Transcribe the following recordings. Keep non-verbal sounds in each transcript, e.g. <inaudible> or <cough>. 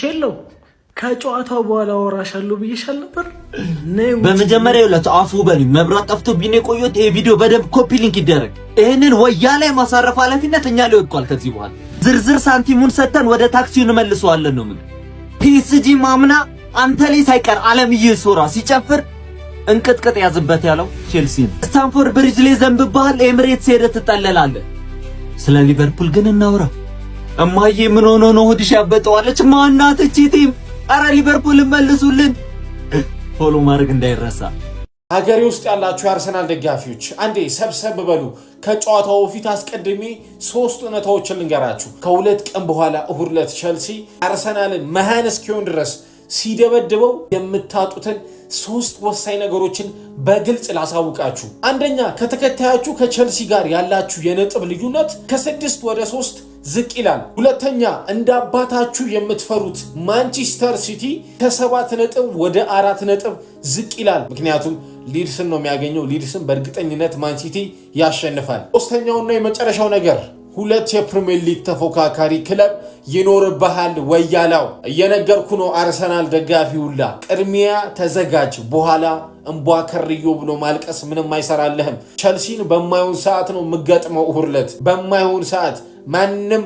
ቼለው ከጨዋታው በኋላ ወራሻለሁ ብዬሻል ነበር። በመጀመሪያ ሁላችሁ አፉ በሉ። መብራት ጠፍቶ ቢኔ ቆየሁት። ይሄ ቪዲዮ በደንብ ኮፒ ሊንክ ይደረግ። ይህንን ወያ ላይ ማሳረፍ ኃላፊነት እኛ ላይ ወድቋል። ከዚህ በኋላ ዝርዝር ሳንቲሙን ሰጥተን ወደ ታክሲው እንመልሰዋለን ነው ምን ፒኤስጂ ማምና አንተ ላይ ሳይቀር አለም እየሶራ ሲጨፍር እንቅጥቅጥ ያዝበት ያለው ቼልሲ ስታንፎርድ ብሪጅ ላይ ዘንብባሃል። ኤምሬትስ ሄደህ ትጠለላለህ። ስለ ሊቨርፑል ግን እናውራ። እማዬ ምን ሆኖ ነው ሆድሽ ያበጠዋለች? ማናት እቺ ቲም? አረ ሊቨርፑል መልሱልን። ፎሎ ማድረግ እንዳይረሳ። ሀገሬ ውስጥ ያላችሁ የአርሰናል ደጋፊዎች አንዴ ሰብሰብ በሉ። ከጨዋታው በፊት አስቀድሜ ሶስት እውነታዎችን ልንገራችሁ። ከሁለት ቀን በኋላ እሁድ ዕለት ቸልሲ አርሰናልን መሃን እስኪሆን ድረስ ሲደበድበው የምታጡትን ሶስት ወሳኝ ነገሮችን በግልጽ ላሳውቃችሁ። አንደኛ ከተከታያችሁ ከቸልሲ ጋር ያላችሁ የነጥብ ልዩነት ከስድስት ወደ ሶስት ዝቅ ይላል። ሁለተኛ እንደ አባታችሁ የምትፈሩት ማንቸስተር ሲቲ ከሰባት ነጥብ ወደ አራት ነጥብ ዝቅ ይላል። ምክንያቱም ሊድስን ነው የሚያገኘው። ሊድስን በእርግጠኝነት ማንሲቲ ያሸንፋል። ሶስተኛውና የመጨረሻው ነገር ሁለት የፕሪሚየር ሊግ ተፎካካሪ ክለብ ይኖርብሃል። ወያላው እየነገርኩ ነው። አርሰናል ደጋፊ ሁላ ቅድሚያ ተዘጋጅ፣ በኋላ እምቧ ከርዮ ብሎ ማልቀስ ምንም አይሰራልህም። ቸልሲን በማይሆን ሰዓት ነው የምገጥመው። እሁድ ዕለት በማይሆን ሰዓት ማንም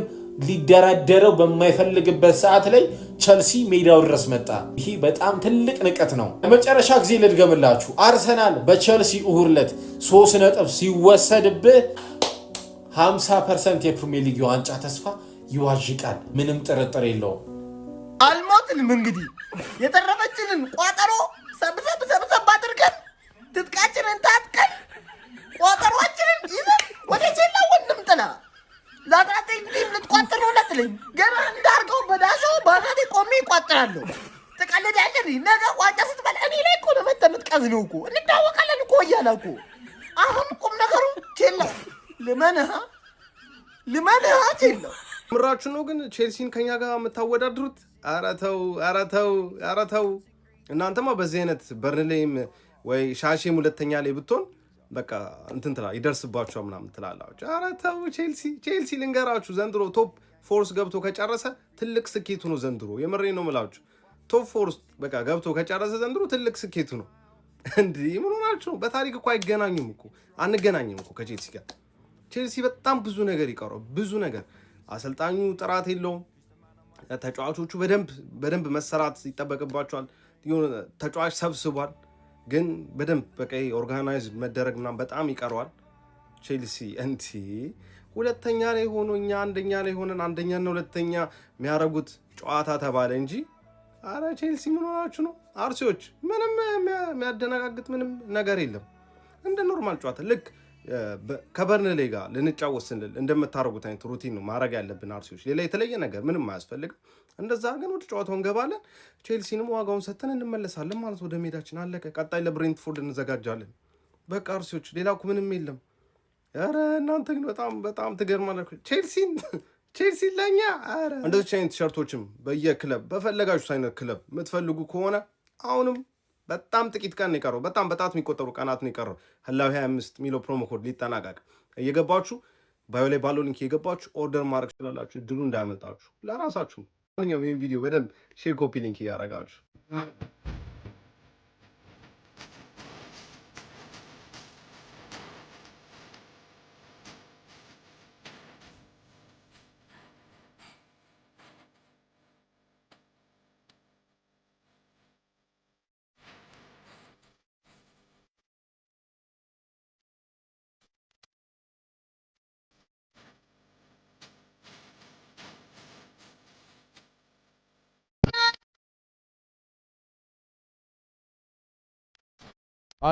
ሊደራደረው በማይፈልግበት ሰዓት ላይ ቸልሲ ሜዳው ድረስ መጣ። ይህ በጣም ትልቅ ንቀት ነው። ለመጨረሻ ጊዜ ልድገምላችሁ። አርሰናል በቸልሲ እሁድ ዕለት ሶስት ነጥብ ሲወሰድብህ 50 ፐርሰንት የፕሪሚየር ሊግ ዋንጫ ተስፋ ይዋዥቃል። ምንም ጥርጥር የለውም። አልሞትንም እንግዲህ የተረፈችንን ቋጠሮ ሰብሰብ ሰብሰብ አድርገን ትጥቃችንን ታጥቀን ቋጠሮ ላትራተኝ ብትይም ልትቋጥር ነው እንዳትለኝ። ገና እንዳርገው በዳሾ በአናቴ ቆሜ ይቋጥራለሁ። ትቀልዳለህ። ነገ ዋንጫ ስትበላ እኔ ላይ እኮ ነው መተህ የምትቀዝነው እኮ። እንዳወቃለን እኮ እያለ እኮ አሁን ቁም ነገሩ ቼላ ልመንሃ ልመንሃ ቼላ ምራችሁ ነው ግን ቼልሲን ከኛ ጋር የምታወዳድሩት? ኧረ ተው፣ ኧረ ተው፣ ኧረ ተው። እናንተማ በዚህ አይነት በርንሌም ወይ ሻሼም ሁለተኛ ላይ ብትሆን በቃ እንትን ትላ ይደርስባቸው ምናምን ትላላችሁ። ኧረ ተው ቼልሲ ቼልሲ ልንገራችሁ ዘንድሮ ቶፕ ፎርስ ገብቶ ከጨረሰ ትልቅ ስኬቱ ነው። ዘንድሮ የምሬ ነው ምላችሁ ቶፕ ፎርስ በቃ ገብቶ ከጨረሰ ዘንድሮ ትልቅ ስኬቱ ነው። እንዲህ ምን ሆናችሁ ነው? በታሪክ እኮ አይገናኙም እኮ አንገናኝም እኮ ከቼልሲ ጋር። ቼልሲ በጣም ብዙ ነገር ይቀረው ብዙ ነገር። አሰልጣኙ ጥራት የለውም። ተጫዋቾቹ በደንብ በደንብ መሰራት ይጠበቅባቸዋል። ተጫዋች ሰብስቧል ግን በደንብ በቀይ ኦርጋናይዝ መደረግ ምናምን በጣም ይቀረዋል። ቼልሲ እንቲ ሁለተኛ ላይ ሆኖ እኛ አንደኛ ላይ ሆነን አንደኛና ሁለተኛ የሚያደርጉት ጨዋታ ተባለ እንጂ አረ ቼልሲ ምን ሆናችሁ ነው? አርሲዎች ምንም የሚያደነጋግጥ ምንም ነገር የለም። እንደ ኖርማል ጨዋታ ልክ ከበርንሌ ጋር ልንጫወት ስንል እንደምታደርጉት አይነት ሩቲን ነው ማድረግ ያለብን አርሲዎች። ሌላ የተለየ ነገር ምንም አያስፈልግም። እንደዛ ግን ወደ ጨዋታው እንገባለን። ቼልሲንም ዋጋውን ሰጥተን እንመለሳለን ማለት ወደ ሜዳችን አለቀ። ቀጣይ ለብሬንትፎርድ እንዘጋጃለን። በቃ አርሲዎች፣ ሌላ እኮ ምንም የለም። ኧረ እናንተ ግን በጣም በጣም ትገርማላችሁ። ቼልሲን <laughs> ቼልሲን ለኛ እንደዚች አይነት ቲሸርቶችም በየክለብ በፈለጋችሁት አይነት ክለብ የምትፈልጉ ከሆነ አሁንም በጣም ጥቂት ቀን የቀረው በጣም በጣት የሚቆጠሩ ቀናት ነው የቀረው። ህላዊ 25 ሚለው ፕሮሞኮድ ሊጠናቀቅ እየገባችሁ ባዮ ላይ ባለው ሊንክ እየገባችሁ ኦርደር ማድረግ ትችላላችሁ። ድሉ እንዳያመልጣችሁ ለራሳችሁ ማንኛውም ይህን ቪዲዮ በደንብ ሼር፣ ኮፒ ሊንክ እያረጋችሁ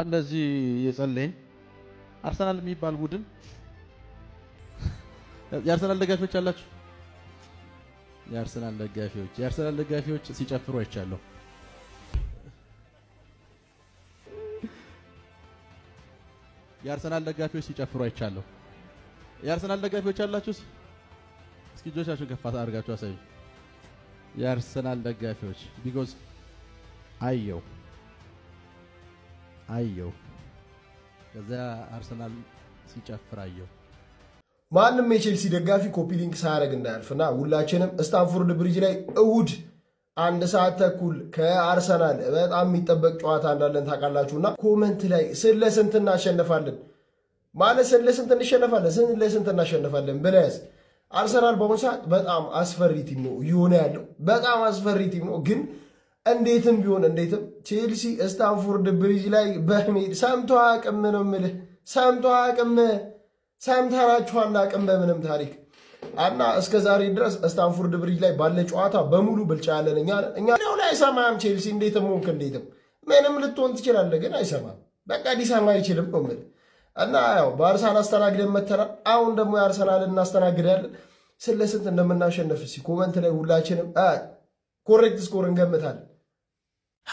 እንደዚህ የጸለይን አርሰናል የሚባል ቡድን የአርሰናል ደጋፊዎች አላችሁ? የአርሰናል ደጋፊዎች የአርሰናል ደጋፊዎች ሲጨፍሩ አይቻለሁ። የአርሰናል ደጋፊዎች ሲጨፍሩ አይቻለሁ። የአርሰናል ደጋፊዎች አላችሁ? እስኪ እጆቻችሁን ከፍ አድርጋችሁ አሳዩ። የአርሰናል ደጋፊዎች ቢኮዝ አየው አየው። ከዛ አርሰናል ሲጨፍር አየው። ማንም የቼልሲ ደጋፊ ኮፒሊንክ ሳያደርግ እንዳያልፍና ሁላችንም ስታንፎርድ ብሪጅ ላይ እሁድ አንድ ሰዓት ተኩል ከአርሰናል በጣም የሚጠበቅ ጨዋታ እንዳለን ታውቃላችሁና ኮመንት ላይ ስለ ስንት እናሸነፋለን ማለት ስለ ስንት እንሸነፋለን ስንት ለስንት እናሸነፋለን ብለያዝ አርሰናል በአሁኑ ሰዓት በጣም አስፈሪ ቲም ነው እየሆነ ያለው። በጣም አስፈሪ ቲም ነው ግን እንዴትም ቢሆን እንዴትም ቼልሲ ስታንፎርድ ብሪጅ ላይ በሜድ ሰምቶ አቅም ነው የምልህ። ሰምቶ አቅም ሰምተራችኋል አቅም በምንም ታሪክ እና እስከ ዛሬ ድረስ ስታንፎርድ ብሪጅ ላይ ባለ ጨዋታ በሙሉ ብልጫ ያለን እኛ እኛ ላይ አይሰማም ቼልሲ እንዴትም ሆንክ እንዴትም ምንም ልትሆን ትችላለህ፣ ግን አይሰማም። በቃ ሊሰማ አይችልም ነው የምልህ። እና ያው በአርሰናል አስተናግደን መተናል። አሁን ደግሞ የአርሰናል እናስተናግዳለን። ስለ ስንት እንደምናሸነፍ ሲ ኮመንት ላይ ሁላችንም ኮሬክት ስኮር እንገምታለን።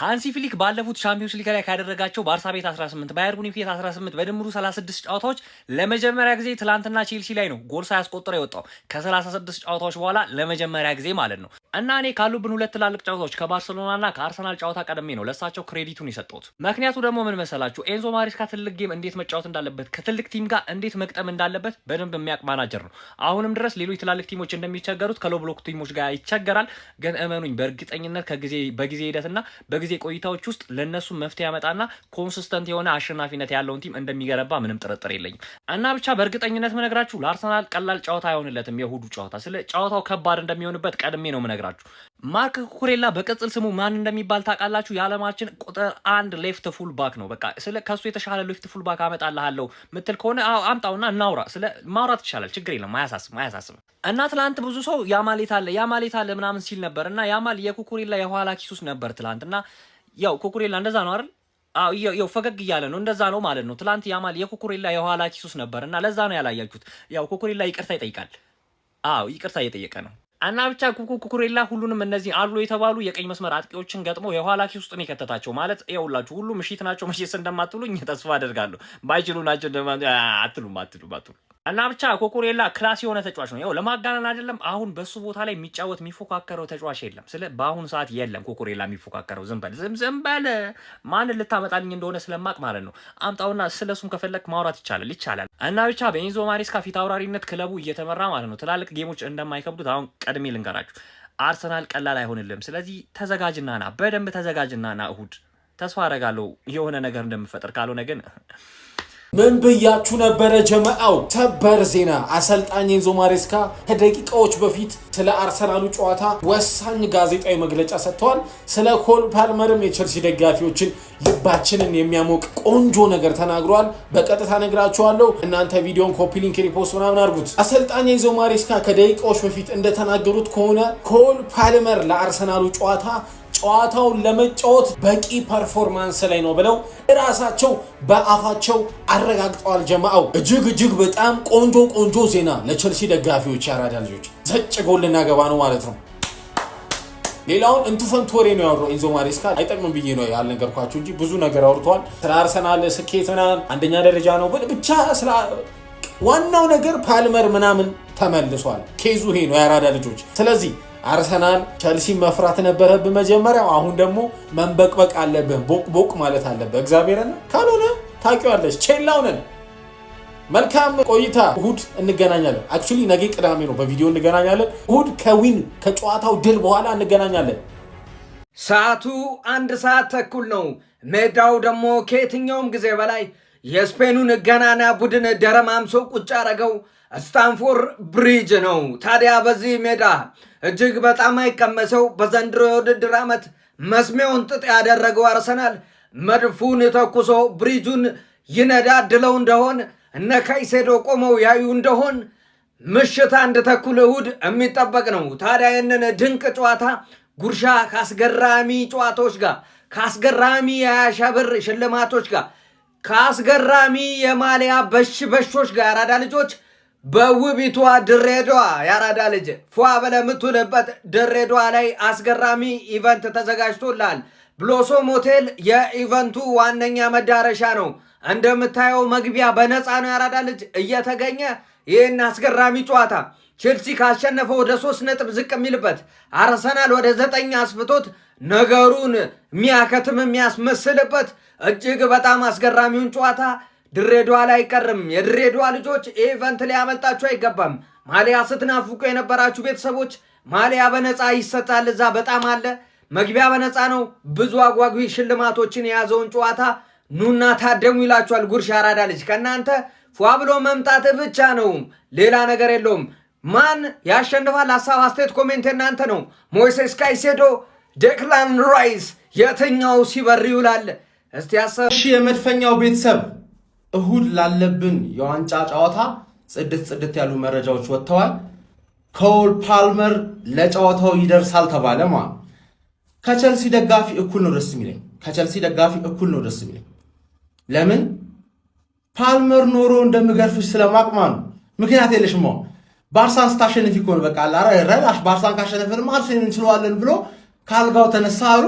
ሃንሲ ፍሊክ ባለፉት ሻምፒዮንስ ሊግ ላይ ካደረጋቸው ባርሳ ቤት 18 ባየር ሙኒክ ቤት 18 በድምሩ 36 ጨዋታዎች ለመጀመሪያ ጊዜ ትላንትና ቼልሲ ላይ ነው ጎል ሳያስቆጥር የወጣው ከ36 ጨዋታዎች በኋላ ለመጀመሪያ ጊዜ ማለት ነው። እና እኔ ካሉብን ሁለት ትላልቅ ጨዋታዎች ከባርሰሎናና ከአርሰናል ጨዋታ ቀደሜ ነው ለእሳቸው ክሬዲቱን የሰጠሁት። ምክንያቱ ደግሞ ምን መሰላችሁ? ኤንዞ ማሬስካ ትልቅ ጌም እንዴት መጫወት እንዳለበት ከትልቅ ቲም ጋር እንዴት መቅጠም እንዳለበት በደንብ የሚያውቅ ማናጀር ነው። አሁንም ድረስ ሌሎች ትላልቅ ቲሞች እንደሚቸገሩት ከሎብሎክ ቲሞች ጋር ይቸገራል። ግን እመኑኝ በእርግጠኝነት በጊዜ ሂደትና በጊዜ ቆይታዎች ውስጥ ለእነሱ መፍትሄ ያመጣና ኮንስስተንት የሆነ አሸናፊነት ያለውን ቲም እንደሚገነባ ምንም ጥርጥር የለኝም እና ብቻ በእርግጠኝነት ምነግራችሁ ለአርሰናል ቀላል ጨዋታ አይሆንለትም። የእሁዱ ጨዋታ ስለ ጨዋታው ከባድ እንደሚሆንበት ቀድሜ ነው ምነግራችሁ። ማርክ ኩኩሬላ በቅጽል ስሙ ማን እንደሚባል ታውቃላችሁ? የዓለማችን ቁጥር አንድ ሌፍት ፉል ባክ ነው። በቃ ስለ ከሱ የተሻለ ሌፍት ፉል ባክ አመጣልሃለሁ ምትል ከሆነ አምጣውና እናውራ። ስለ ማውራት ይቻላል፣ ችግር የለም። አያሳስብም፣ አያሳስብም። እና ትላንት ብዙ ሰው ያማሌት አለ ያማሌት አለ ምናምን ሲል ነበር። እና ያማል የኩኩሬላ የኋላ ኪሱስ ነበር ትላንት። እና ያው ኩኩሬላ እንደዛ ነው አይደል? ያው ፈገግ እያለ ነው። እንደዛ ነው ማለት ነው። ትላንት ያማል የኩኩሬላ የኋላ ኪሱስ ነበር። እና ለዛ ነው ያላያችሁት። ያው ኩኩሬላ ይቅርታ ይጠይቃል። አዎ ይቅርታ እየጠየቀ ነው። እና ብቻ ኩኩ ኩኩሬላ ሁሉንም እነዚህ አሉ የተባሉ የቀኝ መስመር አጥቂዎችን ገጥሞ የኋላ ኪስ ውስጥ ነው የከተታቸው። ማለት ያውላችሁ ሁሉ ምሽት ናቸው። ምሽት እንደማትሉኝ ተስፋ አደርጋለሁ። ባይችሉ ናቸው አትሉም አትሉም አትሉም እና ብቻ ኮኮሬላ ክላስ የሆነ ተጫዋች ነው። ያው ለማጋነን አይደለም። አሁን በሱ ቦታ ላይ የሚጫወት የሚፎካከረው ተጫዋች የለም። ስለ በአሁኑ ሰዓት የለም ኮኮሬላ የሚፎካከረው። ዝም በል ዝም ዝም በል ማን ልታመጣልኝ እንደሆነ ስለማቅ ማለት ነው። አምጣውና ስለሱም ከፈለክ ማውራት ይቻላል ይቻላል። እና ብቻ በኢንዞ ማሬስካ ፊት አውራሪነት ክለቡ እየተመራ ማለት ነው። ትላልቅ ጌሞች እንደማይከብዱት አሁን ቀድሜ ልንገራችሁ። አርሰናል ቀላል አይሆንልም። ስለዚህ ተዘጋጅናና በደንብ ተዘጋጅናና እሁድ ተስፋ አረጋለሁ የሆነ ነገር እንደምፈጠር ካልሆነ ግን ምን ብያችሁ ነበረ ጀመአው? ሰበር ዜና! አሰልጣኝ ኤንዞ ማሬስካ ከደቂቃዎች በፊት ስለ አርሰናሉ ጨዋታ ወሳኝ ጋዜጣዊ መግለጫ ሰጥተዋል። ስለ ኮል ፓልመርም የቸልሲ ደጋፊዎችን ልባችንን የሚያሞቅ ቆንጆ ነገር ተናግሯል። በቀጥታ ነግራችኋለሁ። እናንተ ቪዲዮን ኮፒ ሊንክ፣ ሪፖስት ምናምን አድርጉት። አሰልጣኝ ኤንዞ ማሬስካ ከደቂቃዎች በፊት እንደተናገሩት ከሆነ ኮል ፓልመር ለአርሰናሉ ጨዋታ ጨዋታውን ለመጫወት በቂ ፐርፎርማንስ ላይ ነው ብለው እራሳቸው በአፋቸው አረጋግጠዋል። ጀማአው እጅግ እጅግ በጣም ቆንጆ ቆንጆ ዜና ለቸልሲ ደጋፊዎች፣ ያራዳ ልጆች ዘጭ ጎል ልናገባ ነው ማለት ነው። ሌላውን እንቱፈንት ወሬ ነው ያወራው ኢንዞ ማሬስካ አይጠቅምም ብዬ ነው ያልነገርኳቸው እንጂ ብዙ ነገር አውርተዋል። ስለ አርሰናል ስኬት ምናምን አንደኛ ደረጃ ነው ብቻ ዋናው ነገር ፓልመር ምናምን ተመልሷል። ኬዙ ይሄ ነው ያራዳ ልጆች ስለዚህ አርሰናል ቸልሲ መፍራት ነበረብህ መጀመሪያው። አሁን ደግሞ መንበቅበቅ አለብህ፣ ቦቅ ቦቅ ማለት አለብህ። እግዚአብሔርን ካልሆነ ታውቂዋለሽ፣ ቼላው ነን። መልካም ቆይታ። እሁድ እንገናኛለን። አክቹሊ ነገ ቅዳሜ ነው፣ በቪዲዮ እንገናኛለን። እሁድ ከዊን ከጨዋታው ድል በኋላ እንገናኛለን። ሰዓቱ አንድ ሰዓት ተኩል ነው። ሜዳው ደግሞ ከየትኛውም ጊዜ በላይ የስፔኑን ገናና ቡድን ደረማምሶ ቁጭ ያደረገው ስታንፎርድ ብሪጅ ነው። ታዲያ በዚህ ሜዳ እጅግ በጣም አይቀመሰው በዘንድሮ የውድድር ዓመት መስሜውን ጥጥ ያደረገው አርሰናል መድፉን ተኩሶ ብሪጁን ይነዳድለው እንደሆን እነ ካይሴዶ ቆመው ያዩ እንደሆን ምሽት አንድ ተኩል እሁድ የሚጠበቅ ነው። ታዲያ ይህንን ድንቅ ጨዋታ ጉርሻ ከአስገራሚ ጨዋታዎች ጋር ከአስገራሚ የያሻ ብር ሽልማቶች ጋር ከአስገራሚ የማሊያ በሽ በሾች ጋር አራዳ ልጆች በውቢቷ ድሬዳዋ ያራዳ ልጅ ፏ ብለህ የምትውልበት ድሬዳዋ ላይ አስገራሚ ኢቨንት ተዘጋጅቶላል። ብሎሶም ሆቴል የኢቨንቱ ዋነኛ መዳረሻ ነው። እንደምታየው መግቢያ በነፃ ነው። ያራዳ ልጅ እየተገኘ ይህን አስገራሚ ጨዋታ ቼልሲ ካሸነፈ ወደ ሶስት ነጥብ ዝቅ የሚልበት አርሰናል ወደ ዘጠኝ አስፍቶት ነገሩን የሚያከትም የሚያስመስልበት እጅግ በጣም አስገራሚውን ጨዋታ ድሬዷ ላይ አይቀርም። የድሬዷ ልጆች ይህ ኢቨንት ሊያመልጣችሁ አይገባም። ማሊያ ስትናፍቁ የነበራችሁ ቤተሰቦች ማሊያ በነፃ ይሰጣል። እዛ በጣም አለ። መግቢያ በነፃ ነው። ብዙ አጓጊ ሽልማቶችን የያዘውን ጨዋታ ኑና ታደሙ ይላችኋል። ጉርሻ አራዳ ልጅ ከእናንተ ፏ ብሎ መምጣት ብቻ ነው፣ ሌላ ነገር የለውም። ማን ያሸንፋል? ሀሳብ አስተያየት፣ ኮሜንት የእናንተ ነው። ሞይሴስ ካይሴዶ፣ ዴክላን ራይስ፣ የትኛው ሲበር ይውላል? እስቲ ያሰብ የመድፈኛው ቤተሰብ እሁድ ላለብን የዋንጫ ጨዋታ ጽድት ጽድት ያሉ መረጃዎች ወጥተዋል። ኮል ፓልመር ለጨዋታው ይደርሳል ተባለ ማለት ከቸልሲ ደጋፊ እኩል ነው ደስ የሚለኝ ከቸልሲ ደጋፊ እኩል ነው ደስ የሚለኝ። ለምን ፓልመር ኖሮ እንደምገርፍሽ ስለማቅማ ነው። ምክንያት የለሽም። ባርሳን ስታሸንፍ እኮ ነው በቃ ረዳሽ። ባርሳን ካሸነፍን አርሴን እንችለዋለን ብሎ ካልጋው ተነሳ አሉ።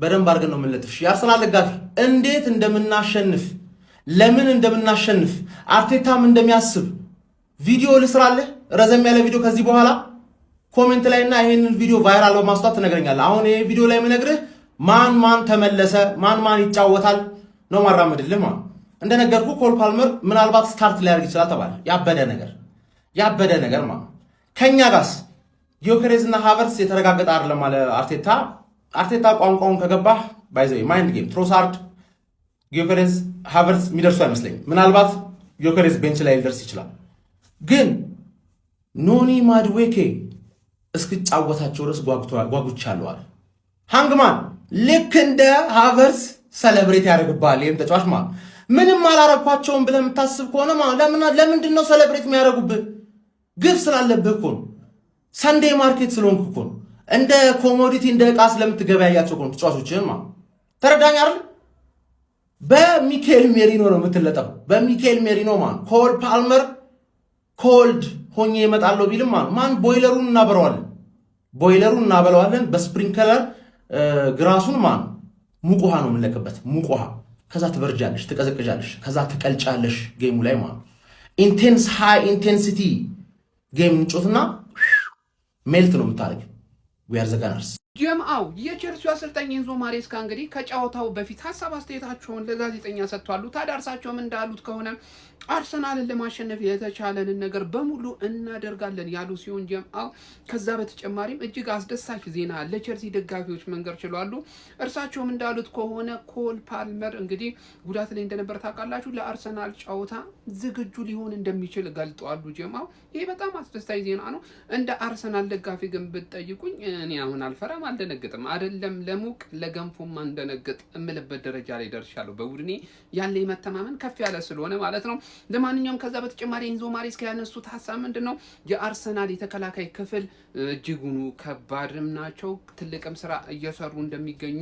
በደንብ አድርገን ነው የምንለጥፍሽ። የአርሰናል ደጋፊ እንዴት እንደምናሸንፍ ለምን እንደምናሸንፍ አርቴታም እንደሚያስብ ቪዲዮ ልስራለህ፣ ረዘም ያለ ቪዲዮ ከዚህ በኋላ ኮሜንት ላይ እና ይሄንን ቪዲዮ ቫይራል በማስወጣት ትነግረኛለህ። አሁን ይሄ ቪዲዮ ላይ የምነግርህ ማን ማን ተመለሰ፣ ማን ማን ይጫወታል ነው ማራመድልህ። ማለት። እንደነገርኩ ኮል ፓልመር ምናልባት ስታርት ሊያደርግ ይችላል ተባለ። ያበደ ነገር ያበደ ነገር ማለት ከኛ ጋርስ ጊዮከሬዝ እና ሃቨርስ የተረጋገጠ አይደለም አለ አርቴታ። አርቴታ ቋንቋውን ከገባህ ባይዘ ማይንድ ጌም ትሮሳርድ ጊዮከሬስ ሃቨርትዝ የሚደርሱ አይመስለኝም። ምናልባት ጊዮከሬስ ቤንች ላይ ሊደርስ ይችላል። ግን ኖኒ ማድዌኬ እስክጫወታቸው ድረስ ጓጉቻለሁ አለ ሃንግማን። ልክ እንደ ሃቨርትዝ ሰለብሬት ያደርግብሃል። ይህም ተጫዋች ማ ምንም አላረኳቸውም ብለህ የምታስብ ከሆነ ለምንድን ነው ሰለብሬት የሚያደርጉብህ? ግፍ ስላለብህ እኮ ነው። ማርኬት ስለሆንክ እኮ ነው። እንደ ኮሞዲቲ እንደ ዕቃ ስለምትገበያያቸው እኮ ነው ተጫዋቾችህን ተረዳኝ አይደል? በሚካኤል ሜሪኖ ነው የምትለጠፈው። በሚካኤል ሜሪኖ ማን ኮል ፓልመር ኮልድ ሆኜ እመጣለሁ ቢልም ማን ማን ቦይለሩን እናበለዋለን፣ ቦይለሩን እናበለዋለን። በስፕሪንክለር ግራሱን ማን ሙቅ ውሃ ነው የምንለቅበት፣ ሙቅ ውሃ። ከዛ ትበርጃለሽ፣ ትቀዘቅዣለሽ፣ ከዛ ትቀልጫለሽ። ጌሙ ላይ ማን ኢንቴንስ ሃይ ኢንቴንሲቲ ጌም ምንጮትና ሜልት ነው የምታደርግ ዊያር ዘጋናርስ ጀምአው የቼልሲው አሰልጣኝ ኤንዞ ማሬስካ እንግዲህ ከጨዋታው በፊት ሀሳብ አስተያየታቸውን ለጋዜጠኛ ሰጥቷሉ። ታዳርሳቸውም እንዳሉት ከሆነ አርሰናልን ለማሸነፍ የተቻለንን ነገር በሙሉ እናደርጋለን ያሉ ሲሆን ጀምአው ከዛ በተጨማሪም እጅግ አስደሳች ዜና ለቸልሲ ደጋፊዎች መንገር ችሏሉ። እርሳቸውም እንዳሉት ከሆነ ኮል ፓልመር እንግዲህ ጉዳት ላይ እንደነበር ታውቃላችሁ፣ ለአርሰናል ጨዋታ ዝግጁ ሊሆን እንደሚችል ገልጠዋሉ። ጀምአው ይሄ በጣም አስደሳች ዜና ነው። እንደ አርሰናል ደጋፊ ግን ብትጠይቁኝ እኔ አሁን አልፈራም፣ አልደነግጥም። አይደለም ለሙቅ ለገንፎም አንደነግጥ የምልበት ደረጃ ላይ ደርሻለሁ። በቡድኔ ያለ መተማመን ከፍ ያለ ስለሆነ ማለት ነው። ለማንኛውም ከዛ በተጨማሪ ኢንዞ ማሬስካ ያነሱት ሀሳብ ምንድን ነው? የአርሰናል የተከላካይ ክፍል እጅጉኑ ከባድም ናቸው፣ ትልቅም ስራ እየሰሩ እንደሚገኙ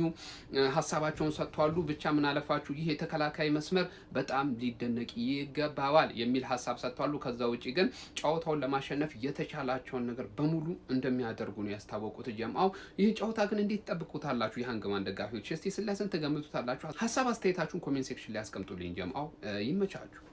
ሀሳባቸውን ሰጥቷሉ። ብቻ ምን አለፋችሁ ይህ የተከላካይ መስመር በጣም ሊደነቅ ይገባዋል የሚል ሀሳብ ሰጥቷሉ። ከዛ ውጭ ግን ጨዋታውን ለማሸነፍ የተቻላቸውን ነገር በሙሉ እንደሚያደርጉ ነው ያስታወቁት። ጀምአው ይህ ጨዋታ ግን እንዴት ትጠብቁታላችሁ? የሀንግማን ደጋፊዎች እስቲ ስለስንት ትገምቱታላችሁ? ሀሳብ አስተያየታችሁን ኮሜንት ሴክሽን ላይ አስቀምጡልኝ። ጀምአው ይመቻችሁ።